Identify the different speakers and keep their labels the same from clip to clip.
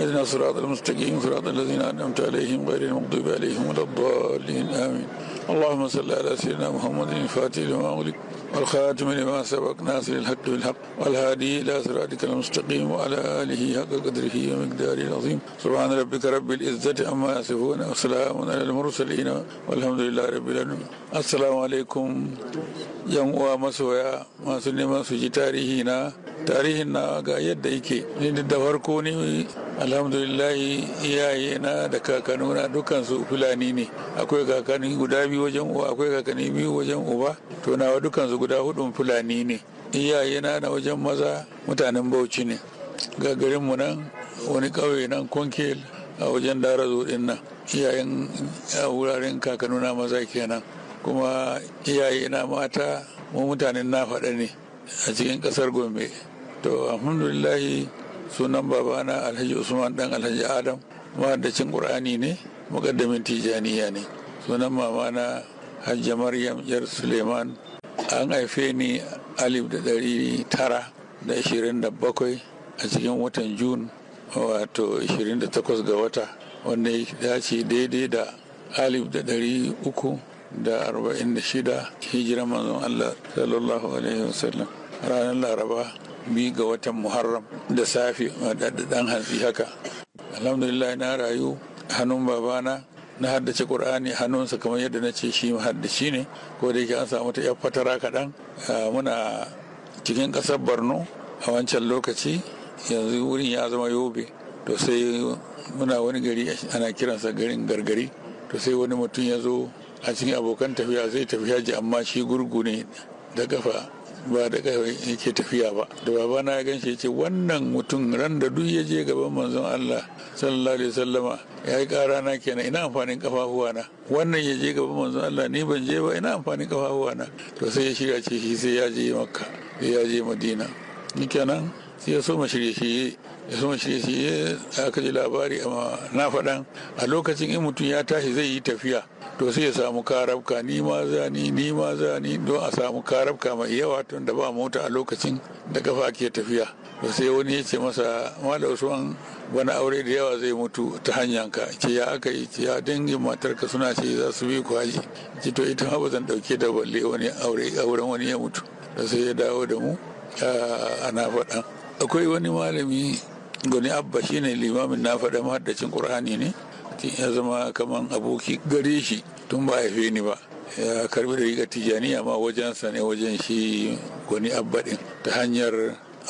Speaker 1: اهدنا الصراط المستقيم صراط الذين أنعمت عليهم غير المغضوب عليهم ولا الضالين آمين اللهم صل على سيدنا محمد الفاتح لما أغلق والخاتم لما سبق ناصر الحق بالحق والهادي إلى صراطك المستقيم وعلى آله حق قدره ومقداره العظيم سبحان ربك رب العزة عما يصفون وسلام على المرسلين والحمد لله رب العالمين السلام عليكم يوم ومسويا ما سلم neman تاريخنا تاريخنا غايه ديكي ندفركوني iyaye na da kakanuna dukansu fulani ne akwai kakanni guda biyu wajen uwa akwai kakanni biyu wajen uba to nawa dukansu guda hudun fulani ne iyaye na wajen maza mutanen bauchi ne mu nan wani kauye nan kunkel a wajen dara din nan iyayen a wuraren kakanuna maza kenan kuma iyaye na mata mu mutanen na faɗa ne a cikin ƙasar gombe to alhamdulillahi sunan babana alhaji usman dan alhaji adam mahaddacin qur'ani ne mukaddamin tijaniya ne sunan mamana hajja maryam yar suleiman an haife ni alif da ɗari tara da ashirin da bakwai a cikin watan jun wato ashirin da takwas ga wata wanda ya ce daidai da alif da ɗari uku da arba'in da shida hijiran manzon allah sallallahu alaihi wasallam ranar laraba bi ga watan muharram da safe dan hantsi haka alhamdulillah na rayu hannun babana na haddace ƙur'ani hannunsa kamar yadda na ce shi haddaci ne ko da yake an samu ta 'yar fatara kaɗan muna cikin ƙasar borno a wancan lokaci yanzu wurin ya zama yobe to sai muna wani gari ana kiransa garin gargari to sai wani mutum ya zo a cikin abokan tafiya zai tafi haji amma shi gurgu ne da kafa ba da yake tafiya ba da baba na ya ganshi ce wannan mutum ran da duk ya je gaban manzon Allah sallallahu alaihi wasallama ya yi na kenan ina amfanin kafafuwa na wannan ya je gaban manzon Allah ni ban je ba ina amfanin kafafuwa na to sai ya shirya ce shi sai ya je makka sai ya je madina ni kenan sai ya so ma shirye shirye sun shirye-shirye aka ji labari amma na faɗan a lokacin in mutum ya tashi zai yi tafiya to sai ya samu karabka ni ma za ni ni ma za ni don a samu karabka mai yawa tun da ba mota a lokacin da kafa ke tafiya to sai wani ya ce masa malam usman wani aure da yawa zai mutu ta ka ce ya aka yi ce ya dangin matarka suna ce za su bi ku haji ce to ita ma ba zan dauke da balle wani aure auren wani ya mutu da sai ya dawo da mu ana faɗa akwai wani malami gani abba shine limamin na faɗa mahaddacin qur'ani ne ya zama kaman aboki gare shi tun ba haife ni ba ya karbi da riga tijaniya ma sa ne wajen shi goni abba din ta hanyar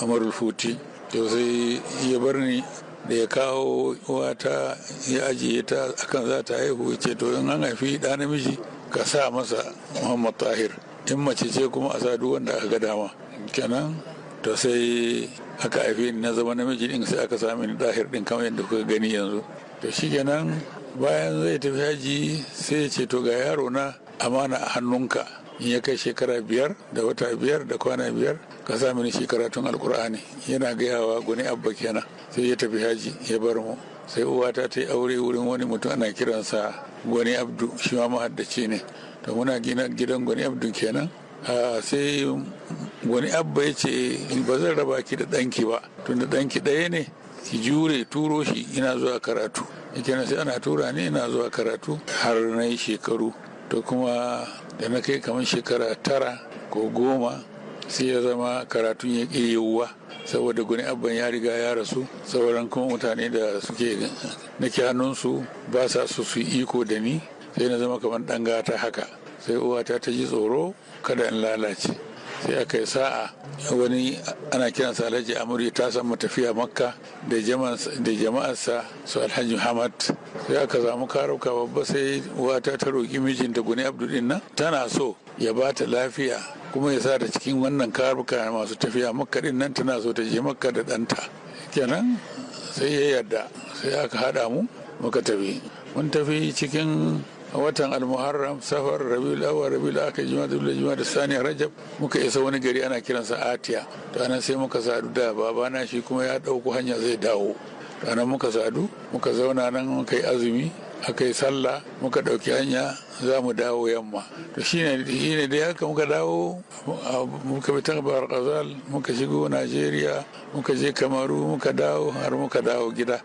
Speaker 1: amarul futi to sai ya bar ni da ya kawo wata ya ajiye ta akan za ta haihu ce to in an haifi ɗa namiji ka sa masa muhammad tahir in mace ce kuma a sa duk wanda aka ga dama kenan to sai aka haife ni na zama namiji din sai aka sami ni dahir din kamar yadda kuka gani yanzu to shikenan bayan zai tafi haji sai ya ce to ga yaro na amana a hannunka in ya kai shekara biyar da wata biyar da kwana biyar ka sa mini shi karatun alkur'ani yana gayawa gwani abba kenan sai ya tafi haji ya bar mu sai uwata ta yi aure wurin wani mutum ana kiransa gwani abdu shi ma mahaddaci ne to muna gidan gwani abdu kenan ah, sai wani abba ya ce ba zan raba ki da ɗanki ba tunda ɗanki ɗaya ne ki jure turo shi ina zuwa karatu kenan sai ana tura ne ina zuwa karatu har na yi shekaru to kuma da na kai kamar shekara tara ko goma sai ya zama karatun ya ƙi yiwuwa saboda guni abban ya riga ya rasu sauran kuma mutane da suke nake hannunsu ba sa su su iko da ni sai na zama kamar ɗan gata haka sai uwata ta ji tsoro kada in lalace sai aka yi sa'a wani ana kiransa alhaji amuri ta samu tafiya makka da jama'arsa su alhaji hamad sai aka samu karuka babba sai wata ta roƙi mijinta guni abdulin nan tana so ya ba ta lafiya kuma ya sa ta cikin wannan karuka masu tafiya makka din nan tana so ta je makka da ɗanta kenan sai ya yarda sai aka haɗa mu muka tafi mun tafi cikin a watan almuharram safar rabiul awwal rabiul akhir juma'a da juma'a da sani rajab muka isa wani gari ana kiransa atiya to anan sai muka sadu da babana shi kuma ya dauko hanya zai dawo to anan muka sadu muka zauna nan muka yi azumi aka yi sallah muka ɗauki hanya za mu dawo yamma to shine shine dai haka muka dawo muka bi tabbar qazal muka shigo najeriya muka je kamaru muka dawo har muka dawo gida